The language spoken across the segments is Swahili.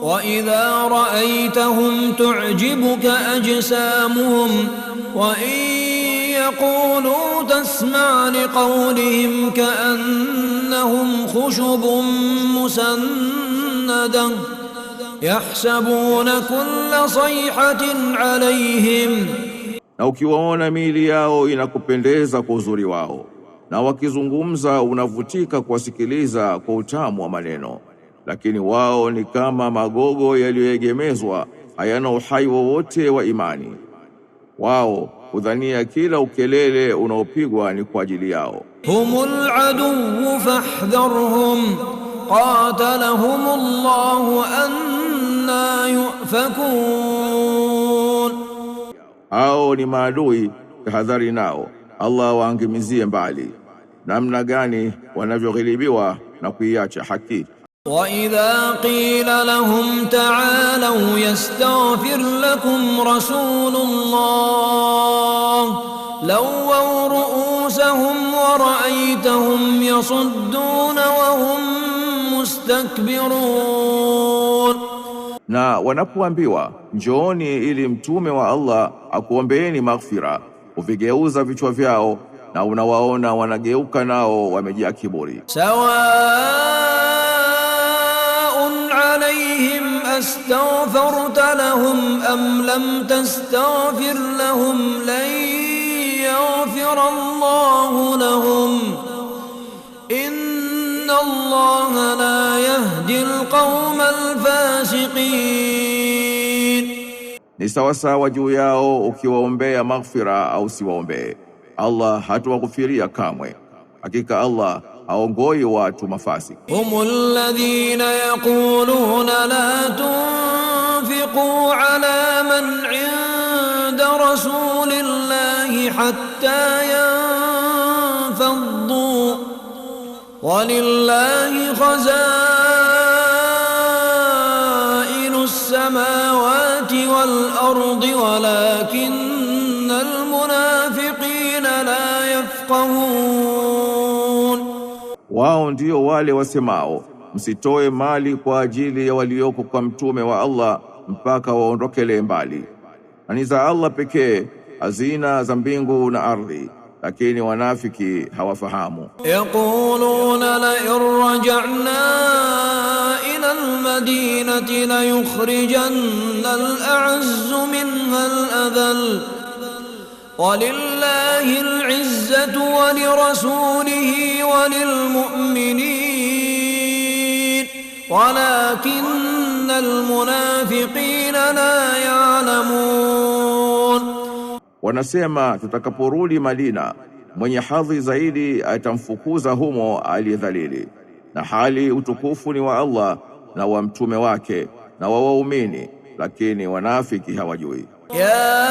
وإذا رأيتهم تعجبك أجسامهم وإن يقولوا تسمع لقولهم كأنهم خشب مسندة يحسبون كل صيحة عليهم na ukiwaona miili yao inakupendeza kwa uzuri wao, na wakizungumza unavutika kuwasikiliza kwa utamu wa maneno lakini wao ni kama magogo yaliyoegemezwa, hayana uhai wowote wa imani. Wao hudhania kila ukelele unaopigwa ni kwa ajili yao. humul aduwwu fahdharhum qatalahum Allahu anna yufakun, hao ni maadui, tahadhari nao, Allah waangamizie mbali. Namna gani wanavyoghilibiwa na kuiacha haki. وإذا قيل لهم تعالوا يستغفر لكم رسول الله لووا رؤوسهم ورأيتهم يصدون وهم mustakbirun, na wanapoambiwa njooni ili mtume wa Allah akuombeeni maghfira, huvigeuza vichwa vyao na unawaona wanageuka nao wamejaa kiburi sawa عليهم أستغفرت لهم أم لم تستغفر لهم لن يغفر الله لهم إن الله لا يهدي القوم الفاسقين ni sawasawa juu yao ukiwaombea maghfira au siwaombee allah hatuwakufiria kamwe hakika allah haongoi watu mafasi. Humul ladhina yaquluna la tunfiqu ala man inda rasulillahi hatta yanfaddu walillahi khazainu samawati wal ardi walakinna al munafiqina la yafqahun wao ndio wale wasemao msitoe mali kwa ajili ya walioko kwa mtume wa Allah mpaka waondokele mbali, na ni za Allah pekee hazina za mbingu na ardhi, lakini wanafiki hawafahamu. yaquluna la irja'na ila almadinati la yukhrijanna al'azzu minha al ولله العزة ولرسوله وللمؤمنين ولكن المنافقين لا يعلمون wanasema tutakaporudi Madina mwenye hadhi zaidi atamfukuza humo aliyedhalili na hali utukufu ni wa Allah na wa mtume wake na wa waumini lakini wanafiki hawajui ya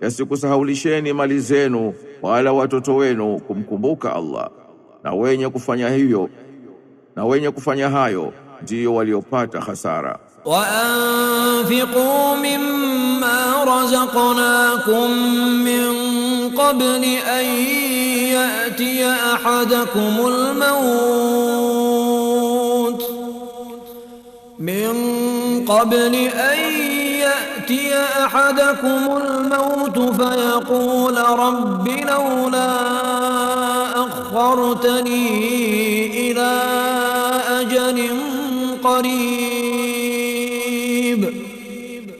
yasikusahaulisheni mali zenu wala watoto wenu kumkumbuka Allah, na wenye kufanya hiyo na wenye kufanya hayo ndio waliopata hasara. wa anfiqu mimma razaqnakum min qabli an yatiya ahadakum almaut min qabli an يأتي أحدكم الموت فيقول رب لولا أخرتني إلى أجل قريب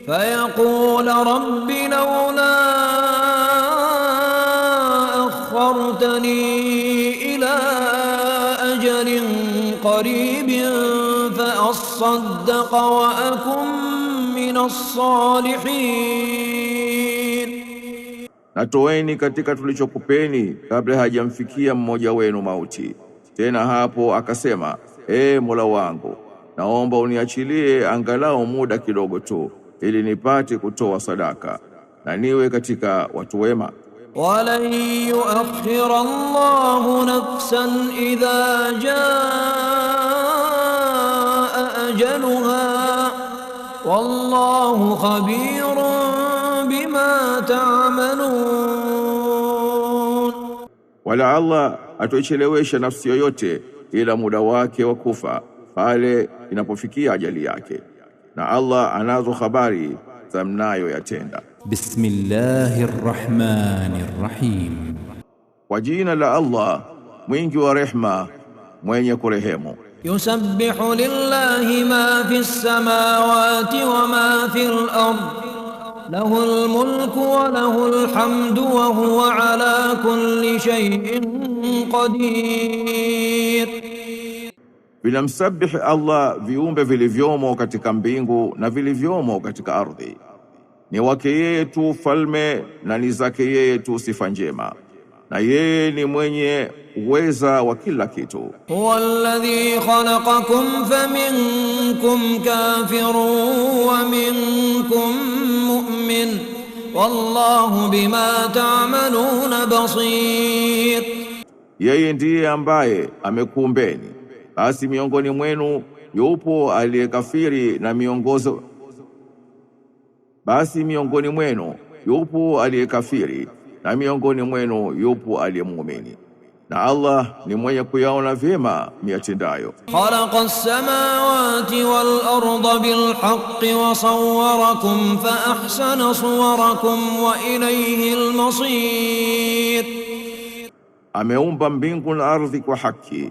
فيقول رب لولا أخرتني إلى أجل قريب فأصدق وأكن natoeni na toeni katika tulichokupeni kabla hajamfikia mmoja wenu mauti. Tena hapo akasema, ee Mola wangu, naomba uniachilie angalau muda kidogo tu, ili nipate kutoa sadaka na niwe katika watu wema. walan yuakhir Allahu nafsan idha jaa ajaluha والله خبير بما تعملون wala Allah atoichelewesha nafsi yoyote ila muda wake wa kufa pale inapofikia ajali yake na Allah anazo habari za mnayoyatenda. Bismillahir Rahmanir Rahim, kwa jina la Allah mwingi wa rehma mwenye kurehemu. يسبح لله ما في السماوات وما في الأرض له الملك وله الحمد وهو على كل شيء qadir, vinamsabihi Allah viumbe vilivyomo katika mbingu na vilivyomo katika ardhi. Ni wake yeye tu falme na ni zake yeye tu sifa njema na yeye ni mwenye uweza wa kila kitu. Walladhi khalaqakum faminkum kafirun wa minkum mu'min wallahu bima ta'maluna basir, yeye ndiye ambaye amekuumbeni, basi miongoni mwenu yupo aliyekafiri na miongozo, basi miongoni mwenu yupo aliyekafiri na miongoni mwenu yupo aliyemuumini na Allah ni mwenye kuyaona vyema miyatendayo. khalaqa as-samawati wal arda bil haqqi wa sawwarakum fa ahsana suwarakum wa ilayhi al masir, ameumba mbingu na ardhi kwa haki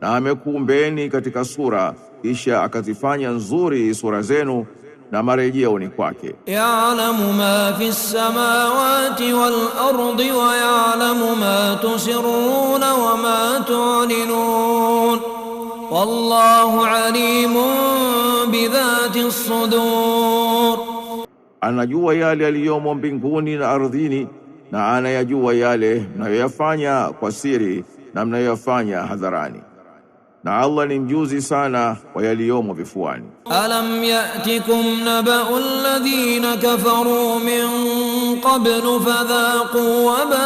na amekuumbeni katika sura kisha akazifanya nzuri sura zenu na marejeo ni kwake. Ya'lamu ma fi samawati wal ardi wa ya'lamu ma tusirruna wa ma tu'linun. Wallahu alimun bi dhati sudur. Anajua yale yaliyomo mbinguni na ardhini na anayajua yale mnayoyafanya kwa siri na mnayoyafanya hadharani. na Allah ni mjuzi sana wa yaliyomo vifuani. Alam yatikum nabau alladhina kafaru min qablu fadhaqu wa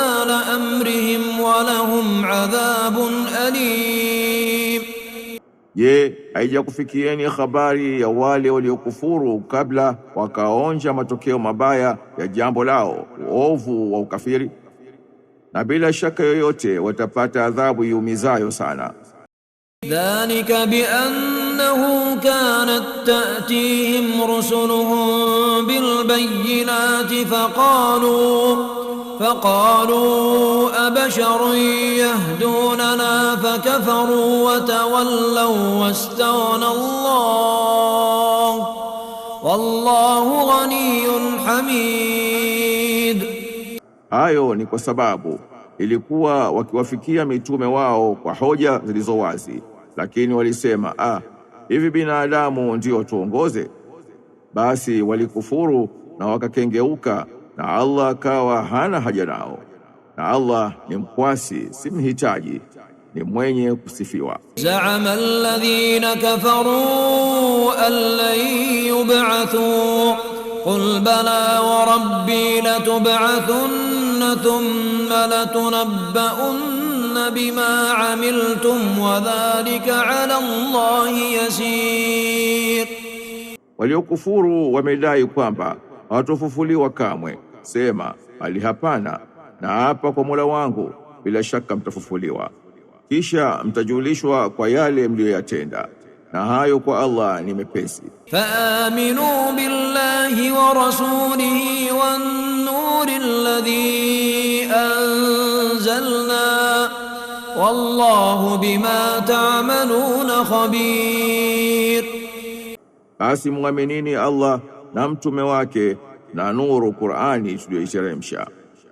amrihim wa lahum adhabun alim, Je, haijakufikieni habari ya wale waliokufuru kabla wakaonja matokeo mabaya ya jambo lao uovu wa ukafiri, na bila shaka yoyote watapata adhabu iumizayo sana. ذلك بأنه كانت تأتيهم رسلهم بالبينات فقالوا فقالوا أبشر يهدوننا فكفروا وتولوا واستغنى الله والله غني حميد hayo ni kwa sababu ilikuwa wakiwafikia mitume wao kwa hoja zilizo wazi lakini walisema ah, hivi binadamu ndio tuongoze? Basi walikufuru na wakakengeuka, na Allah akawa hana haja nao, na Allah ni mkwasi, si mhitaji, ni mwenye kusifiwa. Zaama alladhina kafaru an lan yub'athu qul bala wa rabbi latub'athunna thumma latunabba'un تجزون بما amiltum wa dhalika ala Allahi waliokufuru wamedai kwamba hawatofufuliwa kamwe. Sema bali hapana, na hapa kwa Mola wangu, bila shaka mtafufuliwa, kisha mtajulishwa kwa yale mliyoyatenda na hayo kwa Allah ni mepesi. Faaminu billahi wa rasulihi wan nuril ladhi wallahu bima ta'maluna khabir, basi mwaminini Allah na mtume wake na nuru Qur'ani tuliyoiteremsha,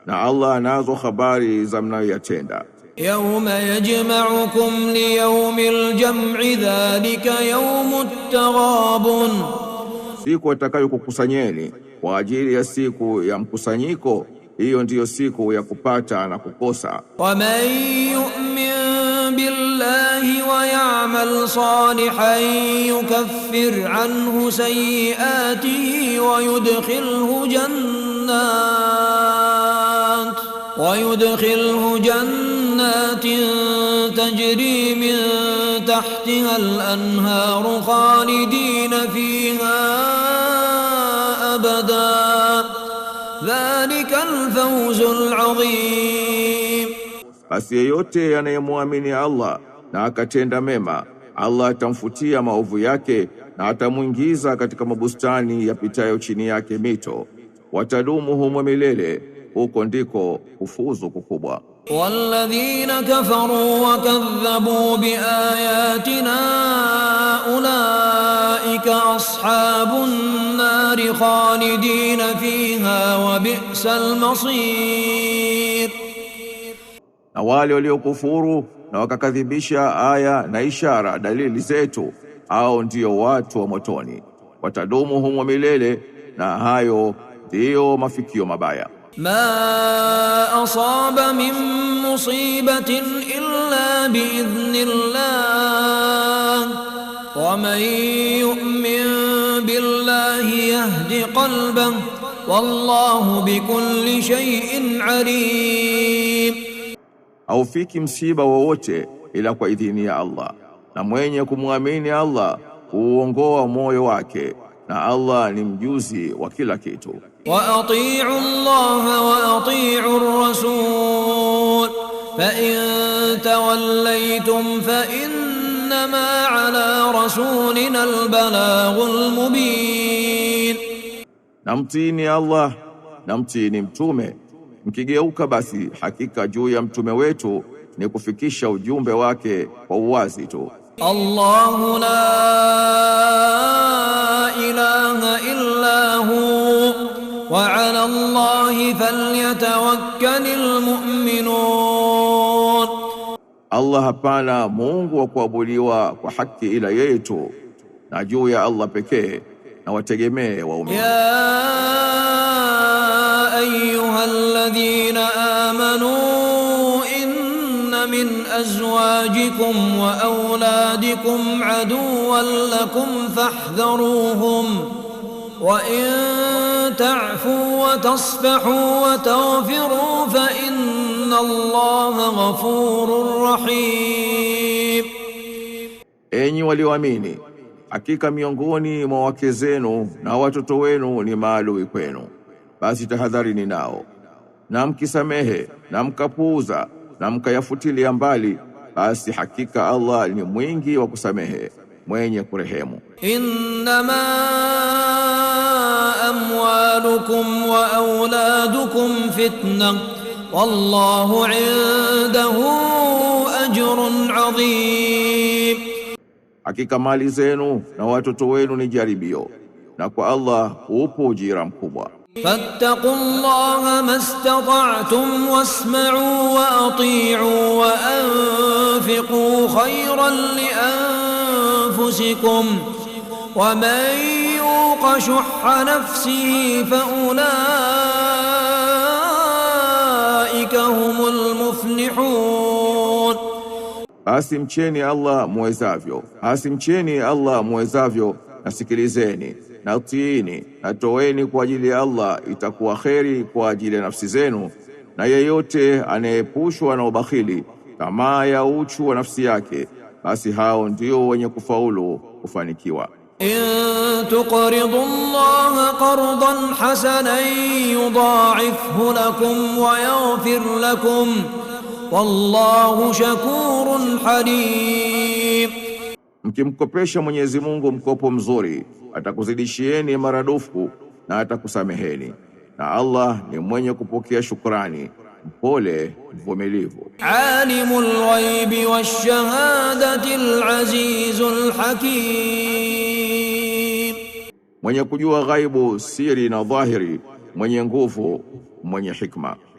na Allah anazo habari za mnayoyatenda. Yawma yajma'ukum li yawmil jam'i dhalika yawmut taghabun, siku atakayokukusanyeni kwa ajili ya siku ya mkusanyiko hiyo ndiyo siku ya kupata na kukosa. Waman yu'min billahi wa ya'mal salihan yukaffir anhu sayyi'atihi wa yudkhilhu jannat wa yudkhilhu jannatin tajri min tahtiha al-anharu khalidina fiha dhalika alfawzul adhim, basi yeyote anayemwamini Allah na akatenda mema, Allah atamfutia maovu yake na atamwingiza katika mabustani yapitayo chini yake mito, watadumu humo milele, huko ndiko kufuzu kukubwa. والذين كفروا وكذبوا بآياتنا أولئك أصحاب النار خالدين فيها وبئس المصير na wale waliokufuru na wakakadhibisha aya na ishara dalili zetu, hao ndio watu wa motoni, watadumu humo milele, na hayo ndiyo mafikio mabaya. ما أصاب من مصيبة إلا بإذن الله ومن يؤمن بالله يهد قلبه والله بكل شيء عليم أو فيك مصيبة ووتي إلى كوإذن يا الله na كموامين يا الله huongoa moyo wake na Allah ni mjuzi wa kila kitu. wa atii'u Allah wa atii'u ar-rasul fa in tawallaytum fa innama ala rasulina al-balaghul mubin, na mtiini Allah na mtiini mtume, mkigeuka basi hakika juu ya mtume wetu ni kufikisha ujumbe wake kwa uwazi tu. Allahu la وعلى الله فليتوكل المؤمنون الله بانا مونغ وكوابوليوا وحكي إلى ييتو نجو يا الله بكي نواتجمي وومي يا أيها الذين آمنوا إن من أزواجكم وأولادكم عدوا لكم فاحذروهم وإن تعفوا وتصفحوا وتغفروا فإن الله غفور rahim, enyi walioamini, hakika miongoni mwa wake zenu na watoto wenu ni maadui kwenu, basi tahadharini nao, na mkisamehe na mkapuuza na mkayafutilia mbali, basi hakika Allah ni mwingi wa kusamehe mwenye kurehemu. innama أموالكم وأولادكم فتنة والله عنده أجر عظيم حقيقة مالي زينو نواتو watoto نجاربيو نقوى الله na جيرام كوبا فاتقوا الله ما استطعتم واسمعوا وأطيعوا وأنفقوا خيرا لأنفسكم ومن يوق شح نفسه فأولئك هم almuflihun, asimcheni Allah muwezavyo, asimcheni Allah muwezavyo, nasikilizeni na tiini na toeni kwa ajili ya Allah, itakuwa kheri kwa ajili ya nafsi zenu. Na yeyote anayeepushwa na ubakhili, tamaa ya uchu wa nafsi yake, basi hao ndio wenye kufaulu kufanikiwa. إن تقرضوا الله قرضا حسنا يضاعفه لكم ويغفر لكم wallahu shakurun halim, mkimkopesha Mwenyezi Mungu mkopo mzuri atakuzidishieni maradufu na atakusameheni, na Allah ni mwenye kupokea shukrani pole mvumilivu. Alimul ghaibi washahadati alazizul hakim, mwenye kujua ghaibu, siri na dhahiri, mwenye nguvu, mwenye hikma.